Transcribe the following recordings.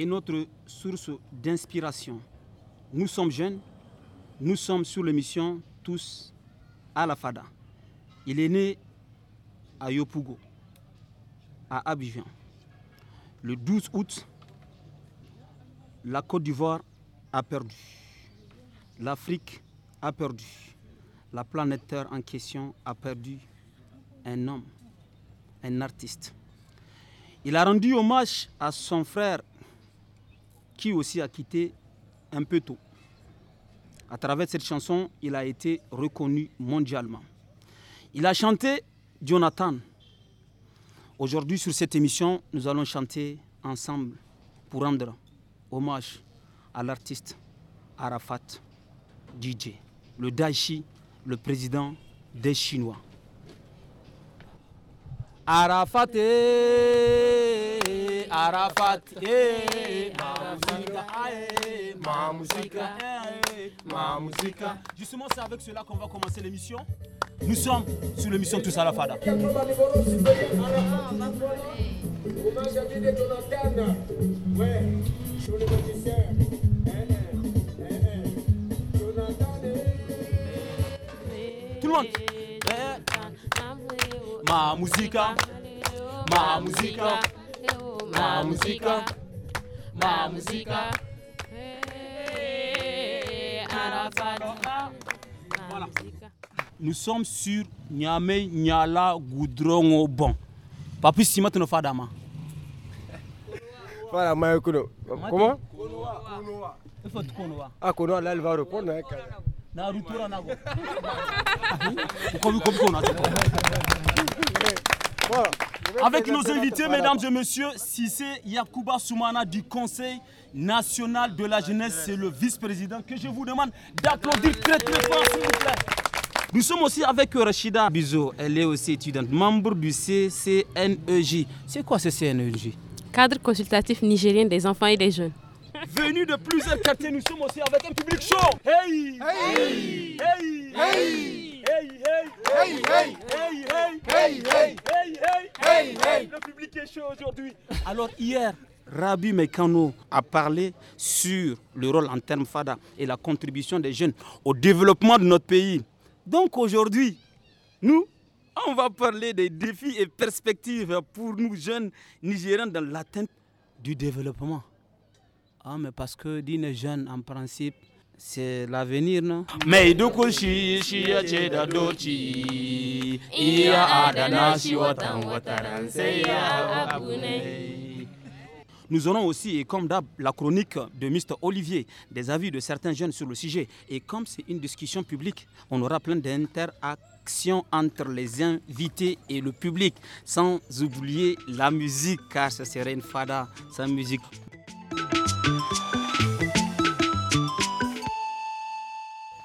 est notre source d'inspiration. Nous sommes jeunes, nous sommes sur l'émission tous à la FADA. Il est né à Yopougo, à Abidjan. Le 12 août, la Côte d'Ivoire a perdu. L'Afrique a perdu. La planète Terre en question a perdu un homme, un artiste. Il a rendu hommage à son frère qui aussi a quitté un peu tôt. À travers cette chanson, il a été reconnu mondialement. Il a chanté Jonathan. Aujourd'hui, sur cette émission, nous allons chanter ensemble pour rendre hommage à l'artiste Arafat DJ, le daichi le président des Chinois. Arafat est arafat eh, eh ma musique, eh, ma musique. Eh, justement c'est avec cela qu'on va commencer l'émission nous sommes sur l'émission Tous à la Fada. Tout le monde. Ma musique, ma musique ma música, ma la eh, Voilà. Nous sommes sur Nyame Niala, Goudron, Bon. Papi Simat no Fadama. Voilà, Mayokuno. Comment Konoa. Konoa. Ah, Konoa, là, elle va répondre. Hein, na rutura nago uko vous comprenez eh, voilà avec nos invités, mesdames et messieurs, c'est Yakuba Soumana du Conseil national de la jeunesse, c'est le vice-président que je vous demande d'applaudir très très fort, s'il vous plaît. Nous sommes aussi avec Rachida Bizo. Elle est aussi étudiante, membre du CCNEJ. C'est quoi ce CNEJ Cadre consultatif nigérien des enfants et des jeunes. Venu de plusieurs quartiers, nous sommes aussi avec un public chaud. hey, hey. hey. hey aujourd'hui. Alors hier, Rabi Mekano a parlé sur le rôle en termes FADA et la contribution des jeunes au développement de notre pays. Donc aujourd'hui, nous, on va parler des défis et perspectives pour nous jeunes nigérians dans l'atteinte du développement. Ah, mais parce que d'une jeune, en principe, c'est l'avenir, non Nous aurons aussi, et comme d'hab, la chronique de Mr. Olivier, des avis de certains jeunes sur le sujet. Et comme c'est une discussion publique, on aura plein d'interactions entre les invités et le public, sans oublier la musique, car ce serait une fada sans musique.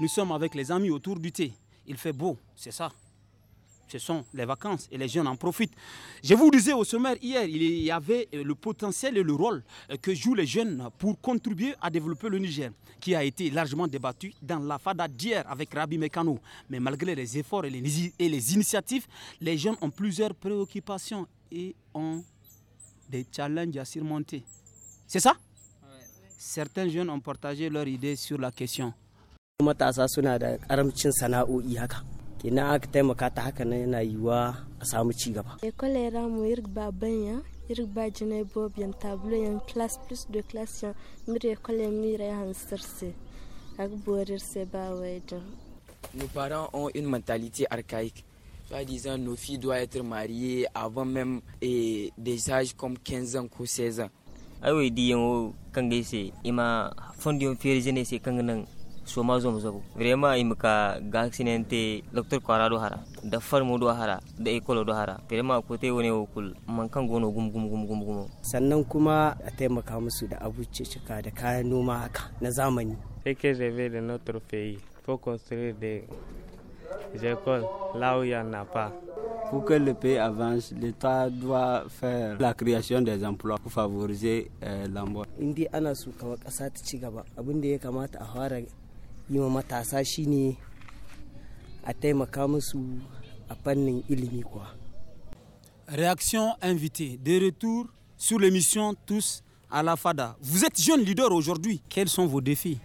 Nous sommes avec les amis autour du thé. Il fait beau, c'est ça. Ce sont les vacances et les jeunes en profitent. Je vous disais au sommaire hier, il y avait euh, le potentiel et le rôle euh, que jouent les jeunes pour contribuer à développer le Niger, qui a été largement débattu dans la FADA d'hier avec Rabi Mekano. Mais malgré les efforts et les, initiatives, les jeunes ont plusieurs préoccupations et ont des challenges à surmonter. C'est ça Certains jeunes ont partagé leur idée sur la question matasa suna da karamcin sana'o'i haka kenan aka taimaka ta haka nan yana yiwuwa a samu ci gaba école era mu irba banya irba jinai yan tablo yan class plus de class yan mire école mire hansarse ak se ba wajen nos parents ont une mentalité archaïque soit disant nos filles doivent être mariées avant même et des âges comme 15 ans ou 16 ans. Ah oui, dis-moi, quand ima il m'a fondé un fier soma zo mu zabu vraiment im ka gaksinente docteur kwara do hara da farmu do hara da école do hara vraiment ko te wone kul man kan gono gum gum gum gum gum sannan kuma a taimaka musu da cika da kayan noma haka na zamani take ke de notre pays faut construire des écoles là où il y en a pas Pour que le pays avance, l'État doit faire la création des emplois pour favoriser euh, l'emploi. Indi ana su kawa ƙasa ta ci gaba abin da ya kamata a fara ma a a Réaction invitée, de retour sur l'émission Tous à la FADA. Vous êtes jeune leader aujourd'hui. Quels sont vos défis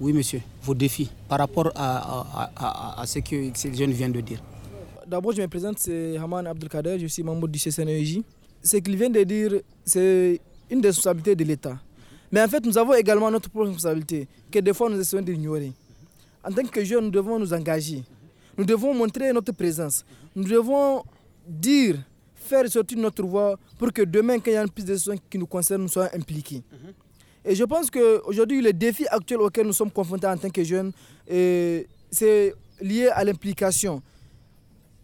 Oui, monsieur, vos défis par rapport à, ce que ces jeunes viennent de dire. D'abord, je me présente, c'est Haman Abdelkader, je suis membre du CCNEJ. Ce qu'il vient de dire, c'est une responsabilité de l'État. Mais en fait, nous avons également notre responsabilité, que des fois nous essayons d'ignorer. En tant que jeunes, nous devons nous engager. Nous devons montrer notre présence. Nous devons dire, faire sortir notre voix pour que demain, quand il y a une prise de décision qui nous concerne, nous soyons impliqués. Et je pense qu'aujourd'hui, le défi actuel auquel nous sommes confrontés en tant que jeunes, euh, c'est lié à l'implication.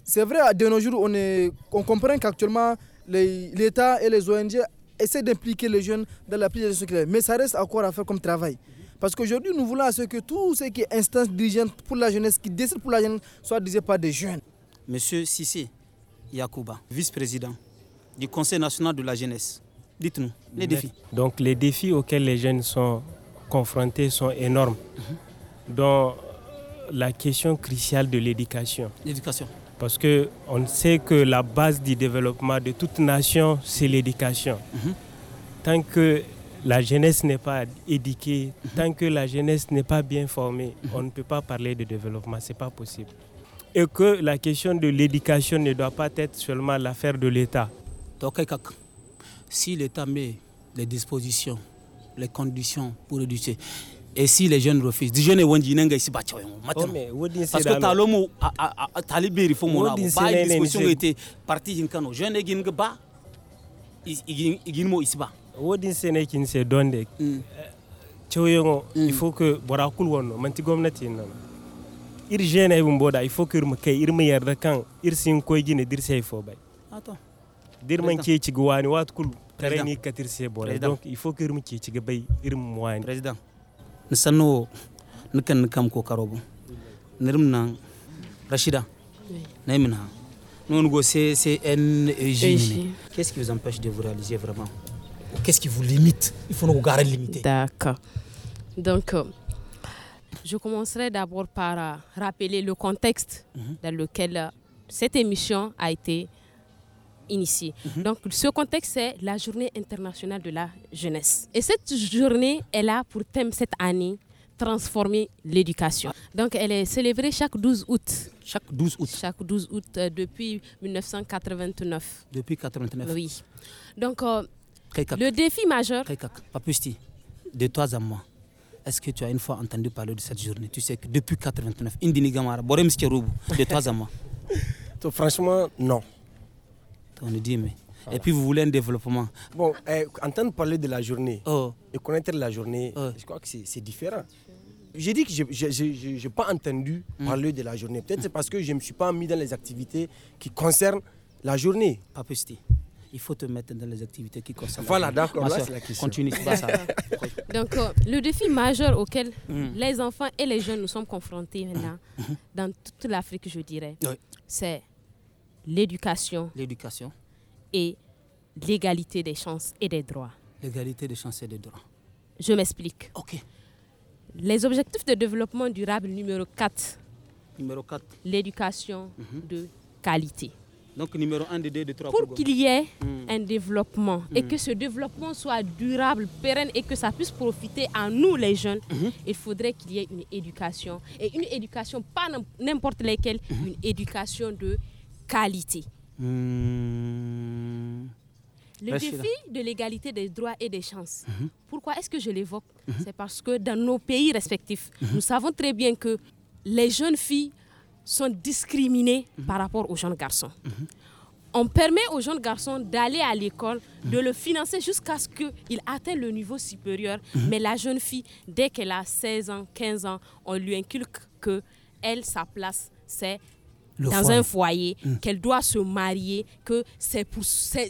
C'est vrai, de nos jours, on, est, on comprend qu'actuellement, l'État et les ONG essaie d'impliquer les jeunes dans la prise de secret. Mais ça reste encore à faire comme travail. Parce qu'aujourd'hui, nous voulons à ce que tout ce qui est instance dirigeante pour la jeunesse, qui décide pour la jeunesse, soit dirigé par des jeunes. Monsieur Sissi Yakuba, vice-président du Conseil national de la jeunesse, dites-nous les défis. Donc les défis auxquels les jeunes sont confrontés sont énormes, mhm. Dans la question cruciale de l'éducation. L'éducation parce qu'on sait que la base du développement de toute nation, c'est l'éducation. Mhm. Tant que la jeunesse n'est pas éduquée, mhm. tant que la jeunesse n'est pas bien formée, mhm. on ne peut pas parler de développement, ce n'est pas possible. Et que la question de l'éducation ne doit pas être seulement l'affaire de l'État. Si l'État met les dispositions, les conditions pour éduquer, et si les jeunes refusent, les jeunes ne vont pas ici bah, oh, maintenant. Parce que talomo ah, ah, ah, talibé il faut mon avis. Pas bah, une discussion était partie d'un canon. Jeunes ne gagnent bah, pas, ils gagnent moins ici bas. Wodin sene kin se donde. Hmm. Euh, Choyongo hmm. il faut que borakul wono manti gwamnati nan. Ir jene ibun boda il faut que irmu kai irmu yarda kan ir sin koy gine dir sai fo bai. Attends. Dir man ke ci gwani wat kul tare ni katir Donc il faut que irmu ke ci gabai irmu wani. Président ko qu'est-ce qui vous empêche de vous réaliser vraiment qu'est-ce qui vous limite il faut nous garder limité d'accord donc euh, je commencerai d'abord par euh, rappeler le contexte mhm. dans lequel euh, cette émission a été Mhm. Donc ce contexte, c'est la journée internationale de la jeunesse. Et cette journée, elle a pour thème cette année transformer l'éducation. Donc elle est célébrée chaque 12 août. Chaque 12 août. Chaque 12 août euh, depuis 1989. Depuis 1989. Oui. Donc euh, le défi majeur. Papusti, de toi à moi. Est-ce que tu as une fois entendu parler de cette journée Tu sais que depuis 1989, Indini Gamara, Borem de toi à moi. Franchement, non on nous dit, mais. Et puis vous voulez un développement. Bon, eh, entendre parler de la journée oh. et connaître la journée, oh. je crois que c'est différent. J'ai dit que je n'ai pas entendu hmm. parler de la journée. Peut-être c'est parce que je ne me suis pas mis dans les activités qui concernent la journée. Pas il faut te mettre dans les activités qui concernent. Voilà, d'accord, c'est la question. Continue, pas ça. Donc, euh, le défi majeur auquel hmm. les enfants et les jeunes nous sommes confrontés hmm. maintenant, dans toute l'Afrique, je dirais, c'est l'éducation. L'éducation et l'égalité des chances et des droits. L'égalité des chances et des droits. Je m'explique. OK. Les objectifs de développement durable numéro 4. Numéro 4. L'éducation mhm. de qualité. Donc numéro 1, 2, 2, 3. Pour qu'il y ait mhm. un développement et mhm. que ce développement soit durable, pérenne et que ça puisse profiter à nous les jeunes, il faudrait qu'il y ait une éducation. Et une éducation, pas n'importe laquelle, une éducation de qualité. Hmm. Le défi de l'égalité des droits et des chances. Mhm. Pourquoi est-ce que je l'évoque mhm. C'est parce que dans nos pays respectifs, mhm. nous savons très bien que les jeunes filles sont discriminées par rapport aux jeunes garçons. On permet aux jeunes garçons d'aller à l'école, de le financer jusqu'à ce qu'il atteigne le niveau supérieur. Mais la jeune fille, dès qu'elle a 16 ans, 15 ans, on lui inculque que elle, sa place, c'est dans un foyer, mm. qu'elle doit se marier, que c'est pour c'est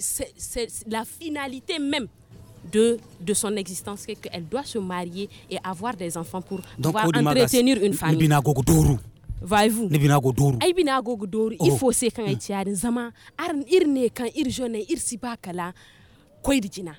est, la finalité même de, de son existence, qu'elle doit se marier et avoir des enfants pour Donc, entretenir une famille. voyez-vous ne godoru ai bina godoru il oh. faut se kan zama mm. arin irne kan ir jone ir siba kala koy dijina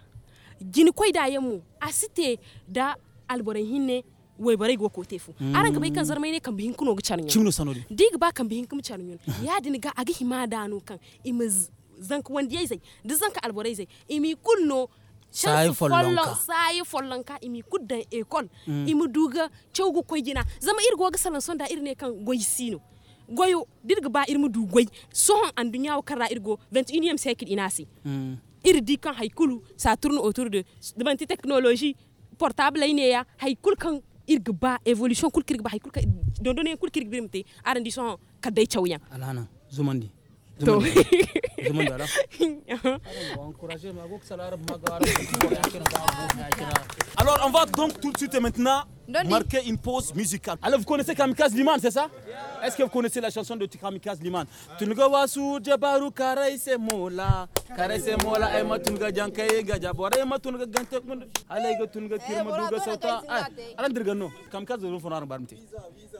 jini yemu asite da alboren wai bare go kote fu mm. aran ka bai kan zarmai ne kan bihin kuno ga charnyo chimno sanori dig ba kan bihin kum charnyo ya din ga agi hima da no kan imiz zanka wanda yayi zai da zanka alborai zai imi kunno sayi follonka sayi follonka imi kuddan ekol mm. imi duga cewgu koygina zama irgo ga salan sonda irne kan goysino goyo dirga ba irmu du goy sohon an dunyawo karra irgo 21e siècle inasi mm. irdi kan haykulu sa tourne autour de devant technologie portable ne ya haykul kan irgba evolution kul kirgba hay kul don don kul kirgba mte arrondissement kadai chawyan alhana zumandi to Alors on va donc tout de suite et maintenant marquer une pause musicale. Alors vous connaissez Kamikaze Liman, c'est ça Est-ce que vous connaissez la chanson de Kamikaze Liman Tu ah. ne Tungawasu Jabaru Karaise Mola Karaise Mola Ema Tunga Jankaye Gajabore Ema Tunga Gante Alega Tunga eh, Kirma Duga Sauta ah, Alandriga no Kamikaze Liman Visa, visa.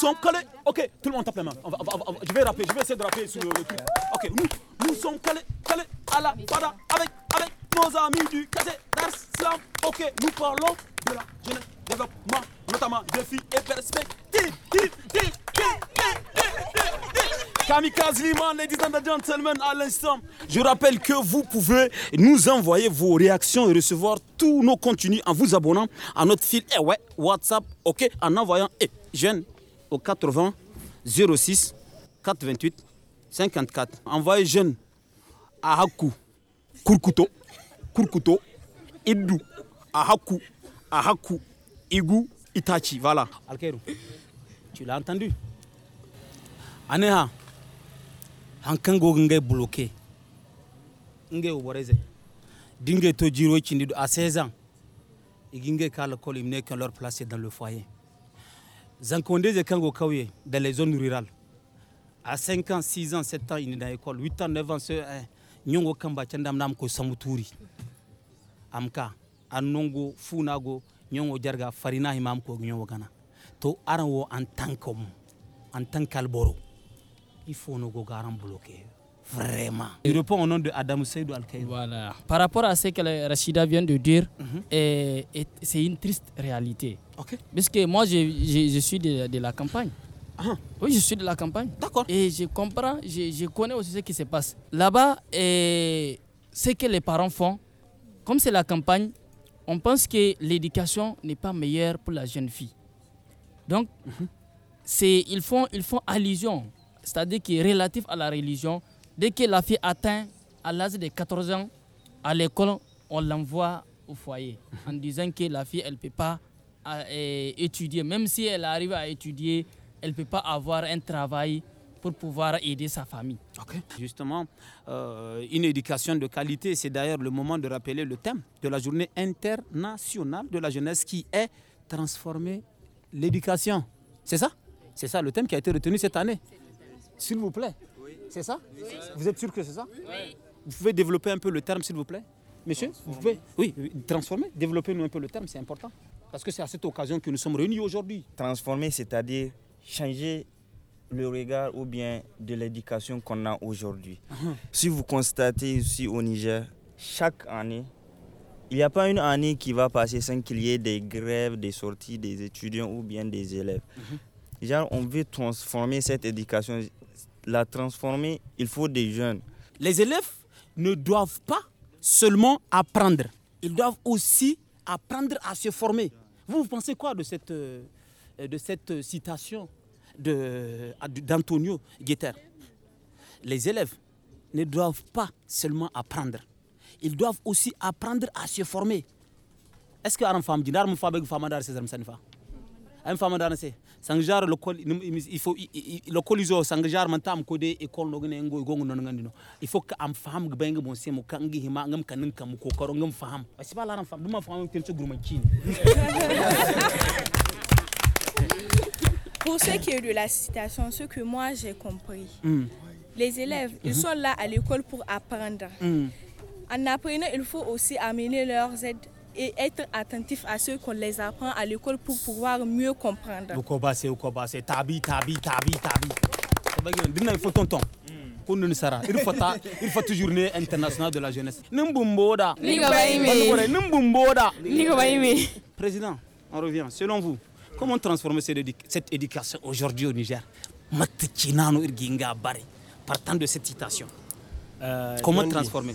sommes calés. Ok, tout le monde tape la main. je vais rappeler, je vais essayer de rapper sur le, truc. Ok, nous, nous sommes collés collés à la pada avec, avec nos amis du casé d'Arslan. Ok, nous parlons de la jeunesse, développement, notamment filles et perspectives. Kamikaze Liman, ladies and gentlemen, à l'instant, je rappelle que vous pouvez nous envoyer vos réactions et recevoir tous nos contenus en vous abonnant à notre fil eh ouais, WhatsApp, ok, en envoyant eh, jeune au 80 06 428 54. Envoyez jeune à Haku, Kurkuto, Kurkuto, Idu, à Haku, à Haku, Igu, Itachi. Voilà. Alkeru, tu l'as entendu Aneha, Hankango Nge bloqué. Nge Oboreze. Dingue Tojiro Chindido à 16 ans. Iginge Kalakol, il n'est qu'à leur placer dans le foyer. Zankondé Kango Kaouye, dans les zones rurales. À 5 ans, 6 ans, 7 ans, il est dans l'école. 8 ans, 9 ans, eh, Nyongo Kamba, Tchandam Namko Samuturi. Amka, Anongo, Funago, Nyongo Djarga, Farina, Imamko, Nyongo Gana. To Aranwo en tant qu'homme, en tant qu'alboro. Il faut nous bloquer vraiment. Il répond au nom de Adam Seydou al Voilà. Par rapport à ce que Rachida vient de dire, mhm. c'est une triste réalité. Ok. Parce que moi, je, suis de, la campagne. Ah. Oui, je suis de la campagne. D'accord. Et je comprends, je, connais aussi ce qui se passe. Là-bas, ce que les parents font, comme c'est la campagne, on pense que l'éducation n'est pas meilleure pour la jeune fille. Donc, mhm. c'est ils, font, ils font allusion, c'est-à-dire qui est relatif à la religion, Dès que la fille atteint à l'âge de 14 ans, à l'école, on l'envoie au foyer en disant que la fille, elle ne peut pas euh, euh, étudier. Même si elle arrive à étudier, elle ne peut pas avoir un travail pour pouvoir aider sa famille. Justement, euh, une éducation de qualité, c'est d'ailleurs le moment de rappeler le thème de la journée internationale de la jeunesse qui est transformer l'éducation. C'est ça C'est ça le thème qui a été retenu cette année. S'il vous plaît. C'est ça Vous êtes sûr que c'est ça Oui. Vous pouvez développer un peu le terme, s'il vous plaît Monsieur, vous pouvez Oui, euh, transformer, développer un peu le terme, c'est important. Parce que c'est à cette occasion que nous sommes réunis aujourd'hui. Transformer, c'est-à-dire changer le regard ou bien de l'éducation qu'on a aujourd'hui. Ah, ah. Si vous constatez ici au Niger, chaque année, il n'y a pas une année qui va passer sans qu'il y ait des grèves, des sorties des étudiants ou bien des élèves. Mhm. Genre, on veut transformer cette éducation la transformer, il faut des jeunes. Les élèves ne doivent pas seulement apprendre, ils doivent aussi apprendre à se former. Vous, pensez quoi de cette, euh, de cette citation d'Antonio Guetter Les élèves ne doivent pas seulement apprendre, ils doivent aussi apprendre à se former. Est-ce que an fama dana se sangjar lokol il faut lokol izo sangjar man tam ko école ngone gne ngo gongo non ngandi no il faut que am faham ga benga bon se mo kangi hima ngam kanin kam ko koro ngam fam asi ba laran faham duma fam tel so gurma kini Pour ce qui est de la citation, ce que moi j'ai compris, mm. les élèves, ils sont là à l'école pour apprendre. Mm. En apprenant, il faut aussi amener leurs aides et être attentif à ce qu'on les apprend à l'école pour pouvoir mieux comprendre. Ukobase, c'est tabi, tabi, tabi, tabi. Il faut tonton. Il faut, il faut toujours journée internationale de la jeunesse. Nimbumboda. Nimbumboda. Président, on revient. Selon vous, comment transformer cette éducation aujourd'hui au Niger Partant de cette citation, euh, comment transformer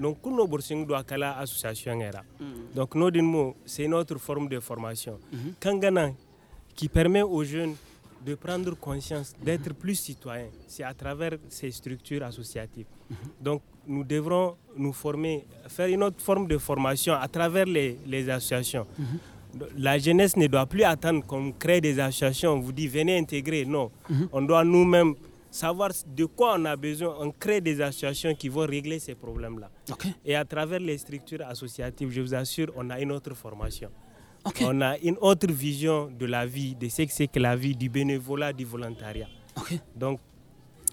donc nous association mm. donc mot c'est notre forme de formation mm-hmm. kangana qui permet aux jeunes de prendre conscience d'être mm-hmm. plus citoyens c'est à travers ces structures associatives mm-hmm. donc nous devrons nous former faire une autre forme de formation à travers les, associations la jeunesse ne doit plus attendre qu'on crée des associations, on vous dit venez intégrer. Non, on doit nous-mêmes savoir de quoi on a besoin, on crée des associations qui vont régler ces problèmes-là. Et à travers les structures associatives, je vous assure, on a une autre formation. On a une autre vision de la vie, de ce que c'est que la vie, du bénévolat, du volontariat. Donc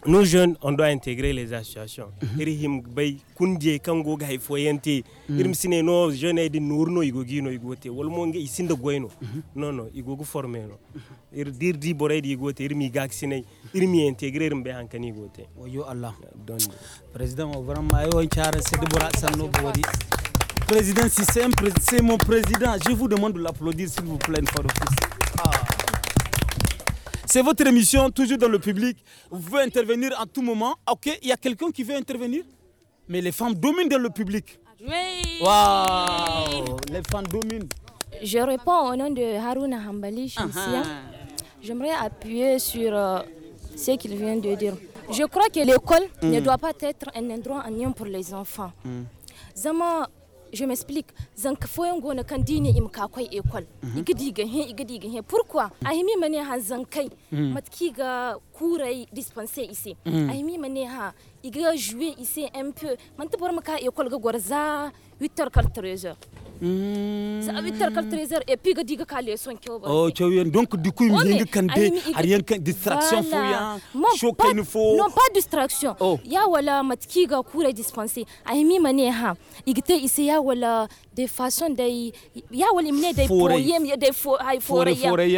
nos jeunes, on doit intégrer les associations. Mhm. Irihim bay kunje kango ga ifoyente. Mhm. Irim sine no jeune edi nurno igogino igote. Wolmonge isinde goyno. Mhm. Non non, igogu former no. Ir dir di bore di igote irmi gak sine irmi intégrer mbé hankani igote. yo Allah. Don. Président o oh, vraiment ayo oh, chara sidi bora sanno bodi. Président si c'est mon président, je vous demande de l'applaudir s'il vous plaît une fois de plus. C'est votre émission, toujours dans le public. Vous pouvez intervenir à tout moment. Ok, il y a quelqu'un qui veut intervenir Mais les femmes dominent dans le public. Oui Les femmes dominent. Je réponds au nom de Haruna Hambali, hein. ah, ah. J'aimerais appuyer sur euh, ce qu'il vient de dire. Je crois que l'école hmm. ne doit pas être un endroit en pour les enfants. Hmm. Zama je m'explique zanka foyon gona kan dini im ka kwai ekol mhm. iga he he pourquoi mhm. ahimi mane han zankai mhm. matki ga kurai dispenser ici ahimi mane ha iga jouer ici un peu man tabor maka ekol ga gorza 8h 14h sabi tarkal trésor et puis diga kale oh donc du coup de distraction ya il faut non pas distraction oh. ya wala matki ga kure dispenser ay mi mane ha igite ise wala des façons de ya wala imne des a des fo ay fo ya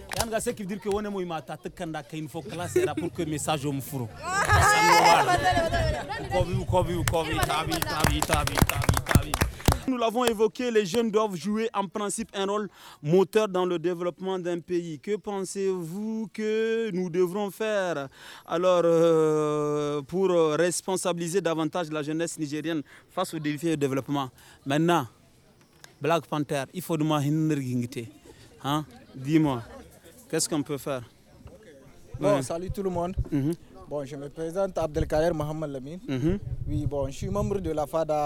qui veut dire que que message nous l'avons évoqué, les jeunes doivent jouer en principe un rôle moteur dans le développement d'un pays. Que pensez-vous que nous devrons faire alors euh, pour responsabiliser davantage la jeunesse nigérienne face aux défis de développement Maintenant, Black Panther, il faut demander hein, une Hein Dis-moi. Qu'est-ce qu'on peut faire Bon, ouais. salut tout le monde. Mm -hmm. Bon, je me présente Abdelkader Mohamed Lamine. Mm -hmm. Oui, bon, je suis membre de la FADA.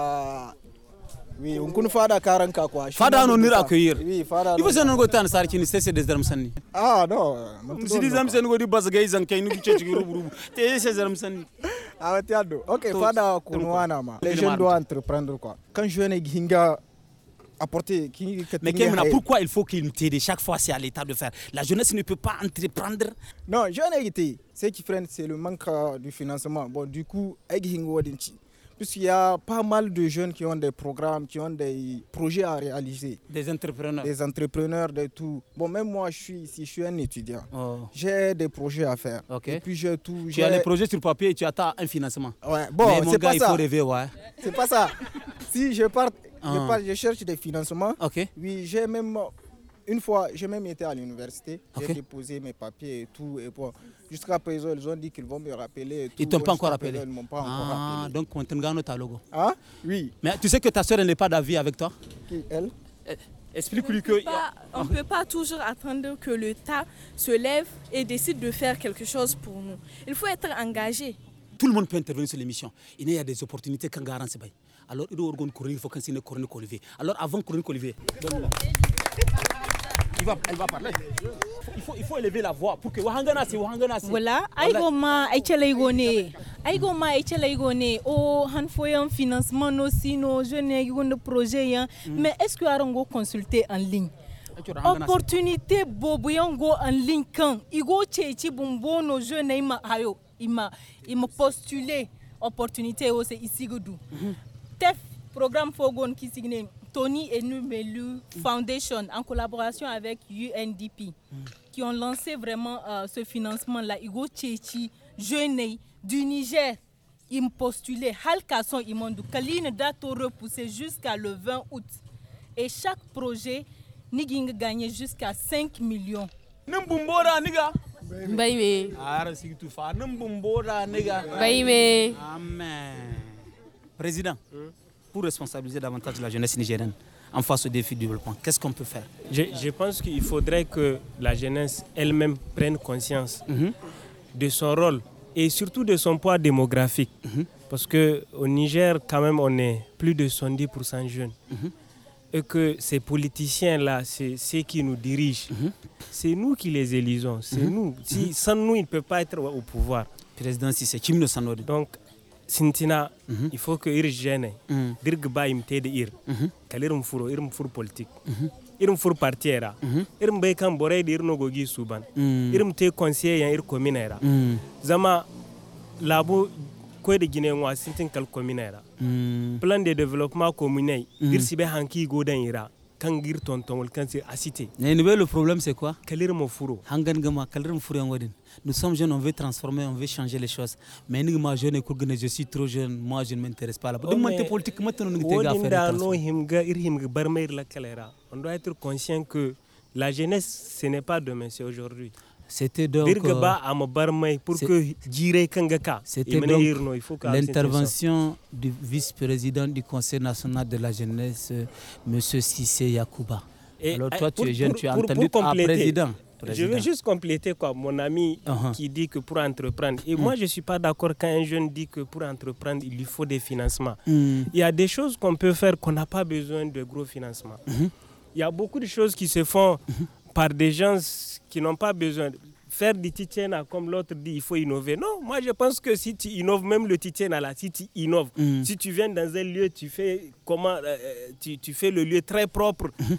Oui, on connaît FADA Karanka quoi. FADA non ira accueillir. Oui, FADA. Il faut s'en goûter en sarkin, c'est des dermsani. Ah non. Euh, nous disons que nous di bas gays en kainu ki chechi rubu rubu. T'es des dermsani. Ah tiado. OK, FADA kunwana ma. Les jeunes doivent entreprendre quoi. Quand je viens Ginga apporter. Mais pourquoi il faut qu'il t'aide chaque fois C'est à l'État de faire. La jeunesse ne peut pas entreprendre. Non, jeune été, ce qui freine, c'est le manque euh, du financement. Bon, du coup, puisqu'il y a pas mal de jeunes qui ont des programmes, qui ont des projets à réaliser. Des entrepreneurs. Des entrepreneurs, de tout. Bon, même moi, je suis ici, je suis un étudiant. Oh. J'ai des projets à faire. Et puis j'ai tout. Tu as les projets sur papier et tu attends un financement. Ouais, bon, c'est pas il ça. faut rêver, ouais. C'est pas ça. si je pars, je ah. pars, je cherche des financements. Ok. Oui, j'ai même une fois, j'ai même été à l'université, j'ai déposé mes papiers et tout. Et jusqu'à présent, ils ont dit qu'ils vont me rappeler. Ils ne t'ont pas encore rappelé m'ont pas ah, encore rappelé. Donc, on te ta logo. Ah, oui. Mais tu sais que ta soeur n'est pas d'avis avec toi Qui, elle euh, Explique-lui que. on ne ah. peut pas toujours attendre que le tas se lève et décide de faire quelque chose pour nous. Il faut être engagé. Tout le monde peut intervenir sur l'émission. Il y a des opportunités qu'on garantit Alors, il faut qu'on Alors, avant Olivier il va, elle va parler. Il faut, il faut élever la voix pour que Wahangana si Wahangana si. Voilà, aigo ma aichela igone. Aigo ma aichela igone. Oh, han foyan financement no sino, je n'ai igone projet yan. Hein. Hmm. Mais est-ce que arango consulter en ligne? opportunité bobo yango en ligne kan igo chechi bumbo no je n'ai ma ayo. Ah, ima ima postuler opportunité au oh, c'est ici godou. Mhm. Tef programme fogon qui signe Tony et Melu Foundation en collaboration avec UNDP qui ont lancé vraiment euh, ce financement-là. Igo Tchéchi, jeune du Niger, ils postulaient Halkason Imondou, Kaline Dato repoussé jusqu'à le 20 août. Et chaque projet, Niging gagné jusqu'à 5 millions. Nimbumbora, niga! Baïwe. Amen. Président. Hmm pour responsabiliser davantage la jeunesse nigérienne en face au défi du développement Qu'est-ce qu'on peut faire je, pense qu'il faudrait que la jeunesse elle-même prenne conscience mhm. de son rôle et surtout de son poids démographique. Mhm. parce que Parce qu'au Niger, quand même, on est plus de 70% jeunes. Mhm. Et que ces politiciens-là, c'est ceux qui nous dirigent. C'est nous qui les élisons. C'est nous. Si, sans nous, ils ne peuvent pas être au pouvoir. Président, si c'est Kim Donc, sintina mm -hmm. il faut que ir jene mm. dirg ba imte de ir mm -hmm. kalir mfuro ir mfur politique mm -hmm. ir mfur partiera mm -hmm. ir mbe kan bore de ir nogo gi suban mm. ir mte conseiller yan ir communera mm. zama labo ko de gine wa sintin kal communera mm. plan de développement communal mm. dir sibe hanki godan ira kangir ton ton kan c'est acité mais le problème c'est quoi kalir mo furo hangan gama kalir mo furo ngodin nous sommes jeunes on veut transformer on veut changer les choses mais nous ma jeune ko je suis trop jeune moi je ne m'intéresse pas là oh, la politique maintenant on doit être conscient que la jeunesse ce n'est pas demain c'est aujourd'hui c'était donc l'intervention du vice-président du Conseil national de la jeunesse, M. Sissé Yakouba. Et Alors eh, toi, tu es jeune, tu as entendu président. Je veux juste compléter quoi, mon ami uh-huh. qui dit que pour entreprendre. Et mm. moi, je ne suis pas d'accord quand un jeune dit que pour entreprendre, il lui faut des financements. Mm. Il y a des choses qu'on peut faire qu'on n'a pas besoin de gros financements. Mm-hmm. Il y a beaucoup de choses qui se font mm-hmm par des gens qui n'ont pas besoin. Faire du titiana, comme l'autre dit, il faut innover. Non, moi je pense que si tu innoves, même le titiana là, si tu innoves, mm. si tu viens dans un lieu, tu fais, comment, euh, tu, tu, fais le lieu très propre. Mm-hmm.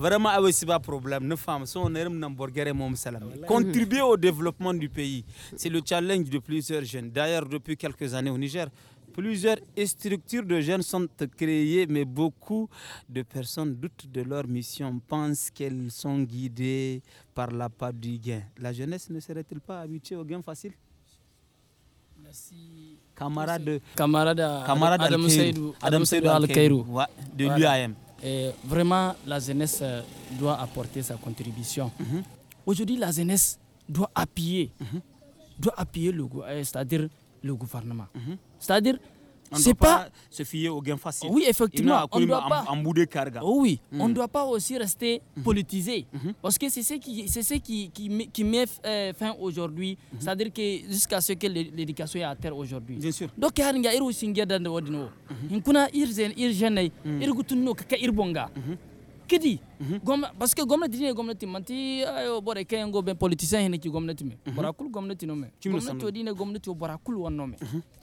vraiment ah oui, c'est pas problème Nos femmes sont salam contribuer au développement du pays c'est le challenge de plusieurs jeunes d'ailleurs depuis quelques années au Niger Plusieurs structures de jeunes sont créées, mais beaucoup de personnes doutent de leur mission, pensent qu'elles sont guidées par la part du gain. La jeunesse ne serait-elle pas habituée au gain facile Merci. Camarade, camarade Adam Saïdou, al de l'UAM vraiment, la jeunesse doit apporter sa contribution. Mhm. Aujourd'hui, la jeunesse doit appuyer, mhm. doit appuyer le, euh, c'est-à-dire le gouvernement. Mhm. C'est-à-dire on c'est pas, se fier au gain facile. Oui, effectivement. On doit pas... Oh oui, mm on ne doit pas aussi rester mm -hmm. politisé. Mm -hmm. Parce que c'est ce qui, c'est ce qui, qui, qui met euh, fin aujourd'hui. C'est-à-dire que jusqu'à ce que l'éducation est à terre aujourd'hui. Bien sûr. Donc, il y a un gars qui est dans le ordino. Il y a une un gars qui est kedi gwamna parce que gwamnati ne gwamnati manti ayo bore kayen go ben politicien hene ki gwamnati me bara kul gwamnati no me gwamnati odi ne gwamnati o bara kul wonno me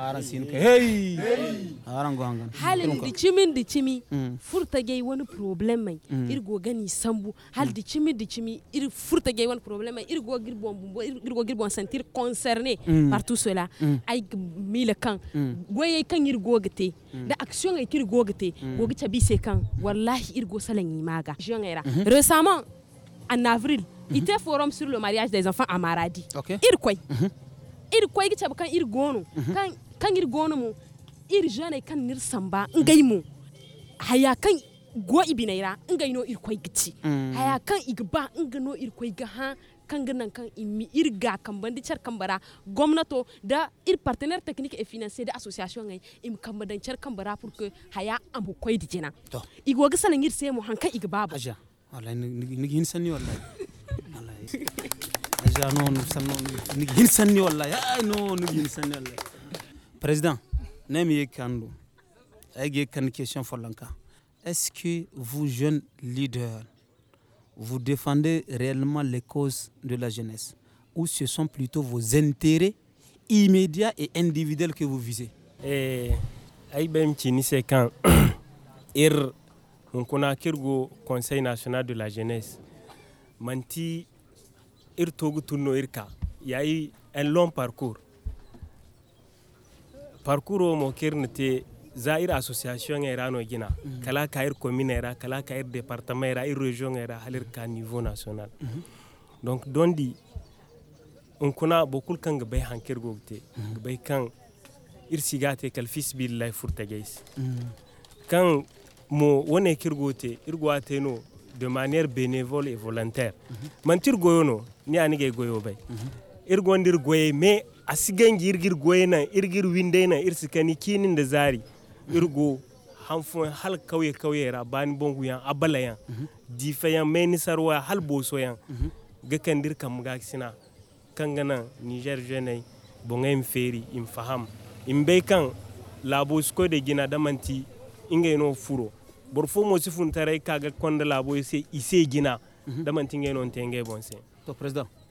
aran sin ka hey aran go hangan di cimin di cimi mm. furta gay wani problem mai mm. ir go gani sambu hal di cimi di cimi ir furta gay wani problem mai ir go gir bon bon ir go gir bon sentir concerné mm. par tout cela ay mila kan goye kan ir go da action ay kiri go gate go bi se kan wallahi ir go salan imaga jongera mm-hmm. récemment en avril il mm-hmm. était forum sur le mariage des enfants à Maradi. Okay. Il quoi? Il quoi que tu as quand gono? Quand kangir ir mu ir jane kan nir samba ngai mu haya kan go ibinaira ngai no mm. ir gici haya kan igba ngano ir koi ga ha kan kan imi irga kan bandi char kambara gomnato da ir partenaire technique et financier da association ngai im kambadan char kambara pour que haya am koy dijena igwa ga sanan ir semo hanka igba ba aja wallahi ni hin sanni wallahi wallahi aja non no sanno ni wallahi ay ni wallahi Président, une question Est-ce que vous, jeunes leaders, vous défendez réellement les causes de la jeunesse ou ce sont plutôt vos intérêts immédiats et individuels que vous visez eh, ben, quand ir conseil national de la jeunesse manti ir togu y a eu un long parcours parcours o mo kirnite zair association era no gina mm -hmm. kala kair commune era kala kair département era ir région era halir ka niveau national mm -hmm. donc dondi on kuna bokul kan ga bay hankir gogte mhm. ga bay kan ir sigate kal fisbillahi furta gays mhm. kan mo wone kirgote irgoate no de manière bénévole et volontaire mm -hmm. mantir goyono ni anige goyo bay mm -hmm. irgondir goye me asigengi irgir goye na irgir winde na irsikani kinin da zari irgo hanfon hal kauye kauye ra bani bongu yan abala yan mhm. dife yan me nisarwa hal boso yan mhm. ga kandir kam ga sina kangana niger jeune bongen feri im faham im be kan labo sko de gina damanti inga no furo bor fo mo sifun tarai kaga konda labo ise ise gina mhm. damanti ngai non tenge bonse to president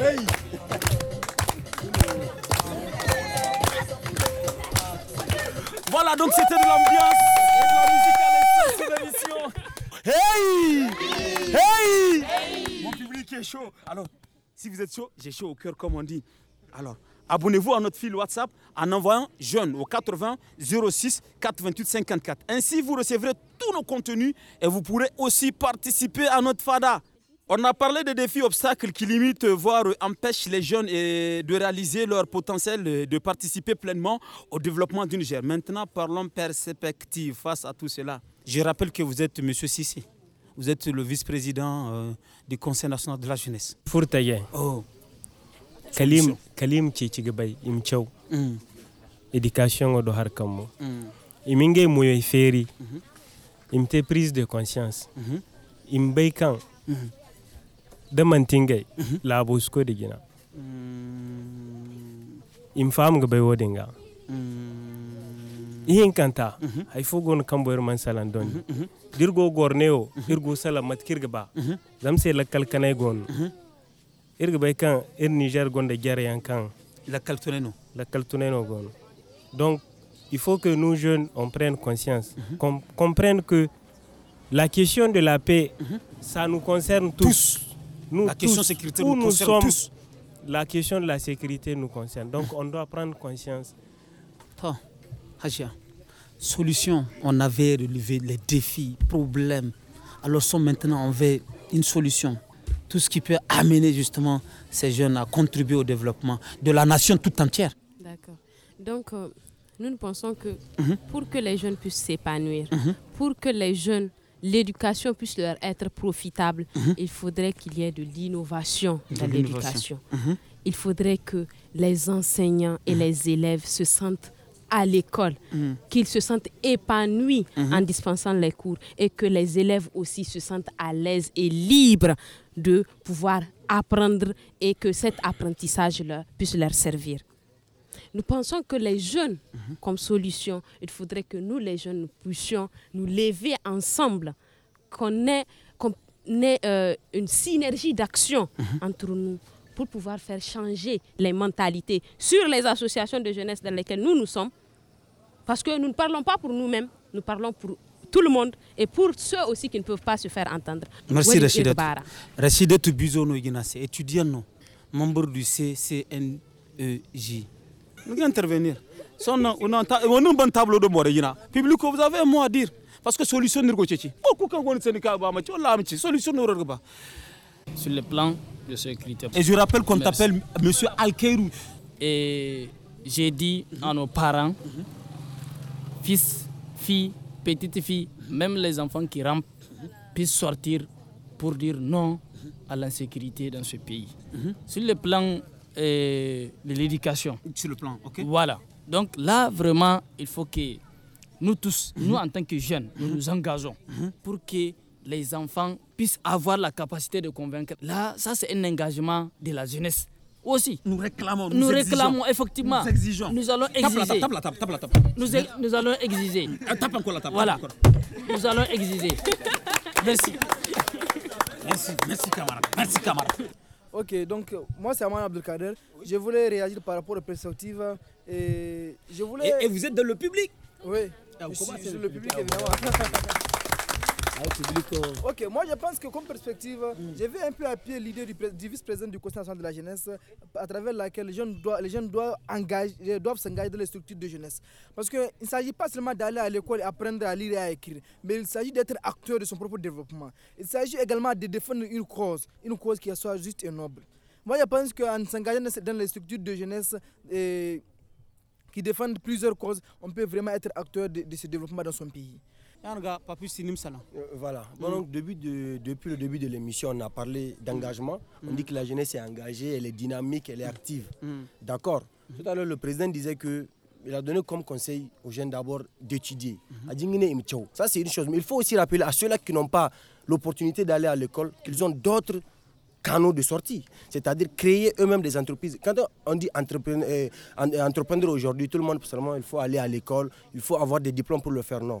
Hey voilà, donc c'était de l'ambiance et de la musique à l'émission. Hey hey, hey Mon public est chaud. Alors, si vous êtes chaud, j'ai chaud au cœur, comme on dit. Alors, abonnez-vous à notre fil WhatsApp en envoyant jeune au 80 06 428 54. Ainsi, vous recevrez tous nos contenus et vous pourrez aussi participer à notre FADA. On a parlé des défis obstacles qui limitent, voire empêchent les jeunes de réaliser leur potentiel, de participer pleinement au développement du Niger. Maintenant, parlons perspective face à tout cela. Je rappelle que vous êtes M. Sissi. Vous êtes le vice-président euh, du Conseil national de la jeunesse. Fourtaye. Oh. Kalim, Kalim hmm. Éducation au hmm. Imingé Mouye Ferry. Mhm. Imte prise de conscience. Mhm. Mhm da mantingai mhm. labo su ko digina mm. in fam ga bai wodin ga mm. ihin kanta mhm. hay fogon kambo er man salan don mhm, dirgo gorneo dirgo sala mat kirga ba zam se kanay gon irga bai kan ir niger gonde jare yan kan lakkal tuneno lakkal tuneno gon donc il faut que nous jeunes on prenne conscience qu'on comprenne que la question de la paix ça nous concerne tous la question de nous, sommes, La question de la sécurité nous concerne. Donc on doit prendre conscience. Hein. solution. On avait relevé les défis, problèmes. Alors sont maintenant veut une solution. Tout ce qui peut amener justement ces jeunes à contribuer au développement de la nation toute entière. D'accord. Donc euh, nous, ne pensons que mhm. pour que les jeunes puissent s'épanouir, mhm. pour que les jeunes l'éducation puisse leur être profitable, mhm. il faudrait qu'il y ait de l'innovation dans l'éducation. Mhm. Il faudrait que les enseignants et mhm. les élèves se sentent à l'école, qu'ils se sentent épanouis en dispensant les cours et que les élèves aussi se sentent à l'aise et libres de pouvoir apprendre et que cet apprentissage leur puisse leur servir. Nous pensons que les jeunes, comme solution, il faudrait que nous, les jeunes, puissions nous lever ensemble, qu'on ait, euh, une synergie d'action entre nous pour pouvoir faire changer les mentalités sur les associations de jeunesse dans lesquelles nous nous sommes. Parce que nous ne parlons pas pour nous-mêmes, nous parlons pour tout le monde et pour ceux aussi qui ne peuvent pas se faire entendre. Merci Rachida. Rachida buzono iginase, étudiant, membre du CCNEJ. Vous intervenir. Son, on on, bon tableau de bord, public, vous avez un mot à dire. Parce que solution n'est pas Beaucoup quand on est syndicat, a solution n'est pas Sur le plan de sécurité. Et je rappelle qu'on t'appelle Monsieur Alkeirou. Et j'ai dit à nos parents, fils, filles, petites filles, même les enfants qui rampent, puissent sortir pour dire non à l'insécurité dans ce pays. Sur le plan l'éducation. Sur le plan, ok. Voilà. Donc là, vraiment, il faut que nous tous, nous en tant que jeunes, nous nous engageons pour que les enfants puissent avoir la capacité de convaincre. Là, ça, c'est un engagement de la jeunesse aussi. Nous réclamons, nous, réclamons effectivement. Nous allons exiger. Tape la table, la nous, allons exiger. Euh, tape encore la table. Voilà. Nous allons exiger. Merci. Merci, merci camarade. Merci camarade. Ok, donc moi c'est Aman Abdelkader. Je voulais réagir par rapport aux perspectives. Et, euh, je voulais... et, vous êtes dans le public Oui. Ah, je suis, dans le public, évidemment. Ok, moi je pense que comme perspective, j'ai mm. je un peu appuyer l'idée du, vice-président du Conseil national de la jeunesse à travers laquelle les jeunes doivent, les jeunes doivent, engager, doivent s'engager dans les structures de jeunesse. Parce qu'il ne s'agit pas seulement d'aller à l'école et apprendre à lire et à écrire, mais il s'agit d'être acteur de son propre développement. Il s'agit également de défendre une cause, une cause qui soit juste et noble. Moi je pense qu'en s'engageant dans les structures de jeunesse, et qui défendent plusieurs causes, on peut vraiment être acteur de ce développement dans son pays. Euh, voilà. depuis le début de l'émission, on a parlé d'engagement. Mm. On dit que la jeunesse est engagée, elle est dynamique, elle est active. Mm. Mm. D'accord. Tout à l'heure, le président disait que il a donné comme conseil aux jeunes d'abord d'étudier. Mm-hmm. Ça, c'est une chose. Mais il faut aussi rappeler à ceux-là qui n'ont pas l'opportunité d'aller à l'école qu'ils ont d'autres canaux de sortie, c'est-à-dire créer eux-mêmes des entreprises. Quand on dit entrepreneur, euh, entrepreneur aujourd'hui, tout le monde, seulement, il faut aller à l'école, il faut avoir des diplômes pour le faire. Non,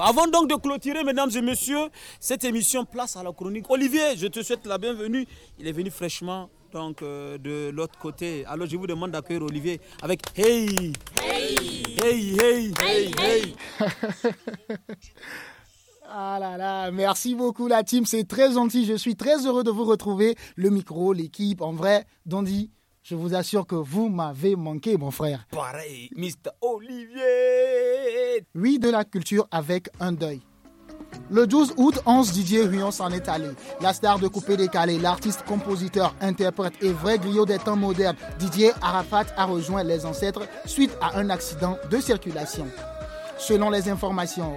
avant donc de clôturer, mesdames et messieurs, cette émission Place à la chronique. Olivier, je te souhaite la bienvenue. Il est venu fraîchement donc euh, de l'autre côté. Alors je vous demande d'accueillir Olivier avec Hey Hey Hey Hey Hey, Ah là là, merci beaucoup la team, c'est très gentil, je suis très heureux de vous retrouver, le micro, l'équipe, en vrai, Dandy, je vous assure que vous m'avez manqué, mon frère. Pareil, Mr. Olivier. Oui, de la culture avec un deuil. Le 12 août, 11 Didier Ruyon s'en est allé. La star de Coupé Décalé, l'artiste, compositeur, interprète et vrai griot des temps modernes, Didier Arafat a rejoint les ancêtres suite à un accident de circulation. Selon les informations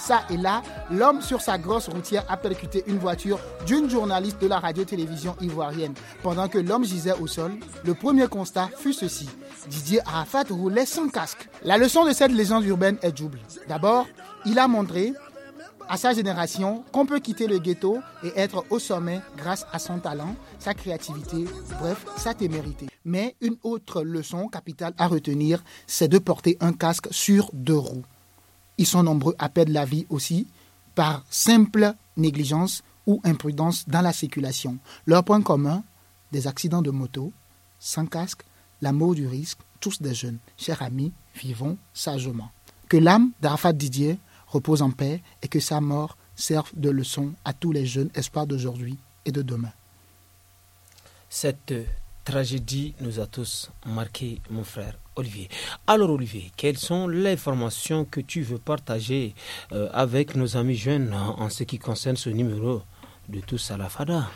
ça et là, l'homme sur sa grosse routière a percuté une voiture d'une journaliste de la radio-télévision ivoirienne. Pendant que l'homme gisait au sol, le premier constat fut ceci. Didier Arafat roulait sans casque. La leçon de cette légende urbaine est double. D'abord, il a montré à sa génération qu'on peut quitter le ghetto et être au sommet grâce à son talent, sa créativité, bref, sa témérité. Mais une autre leçon capitale à retenir, c'est de porter un casque sur deux roues. Ils sont nombreux à perdre la vie aussi par simple négligence ou imprudence dans la circulation. Leur point commun, des accidents de moto, sans casque, l'amour du risque, tous des jeunes. Chers amis, vivons sagement. Que l'âme d'Arafat Didier repose en paix et que sa mort serve de leçon à tous les jeunes espoirs d'aujourd'hui et de demain. Cette tragédie nous a tous marqués, mon frère. Olivier. Alors Olivier, quelles sont les formations que tu veux partager euh, avec nos amis jeunes en, ce qui concerne ce numéro de Tous à la Fada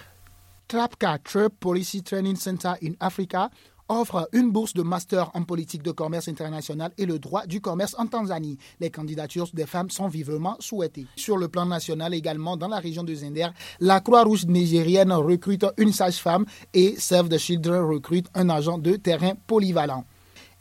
Policy Training Center in Africa, offre une bourse de master en politique de commerce international et le droit du commerce en Tanzanie. Les candidatures des femmes sont vivement souhaitées. Sur le plan national également, dans la région de Zender, la Croix-Rouge nigérienne recrute une sage-femme et Save the Children recrute un agent de terrain polyvalent.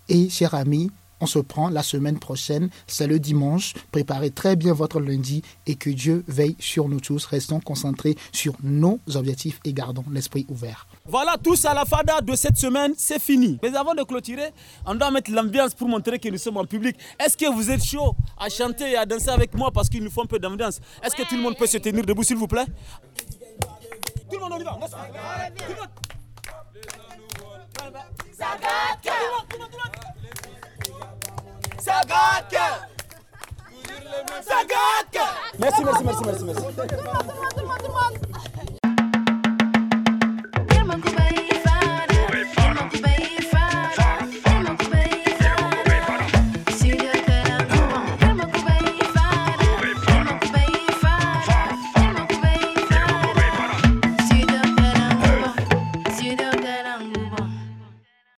Et, chers amis, on se prend la semaine prochaine, c'est le dimanche. Préparez très bien votre lundi et que Dieu veille sur nous tous. Restons concentrés sur nos objectifs et gardons l'esprit ouvert. Voilà tous à la fada de cette semaine, c'est fini. Mais avant de clôturer, on doit mettre l'ambiance pour montrer que nous sommes en public. Est-ce que vous êtes chaud à chanter et à danser avec moi parce qu'il nous faut un peu d'ambiance Est-ce que tout le monde peut se tenir debout, s'il vous plaît Tout le monde, on y va. Zagatke. Zagatke. Zagatke. Merci, merci, merci, merci, merci. Durma, durma, durma, durma.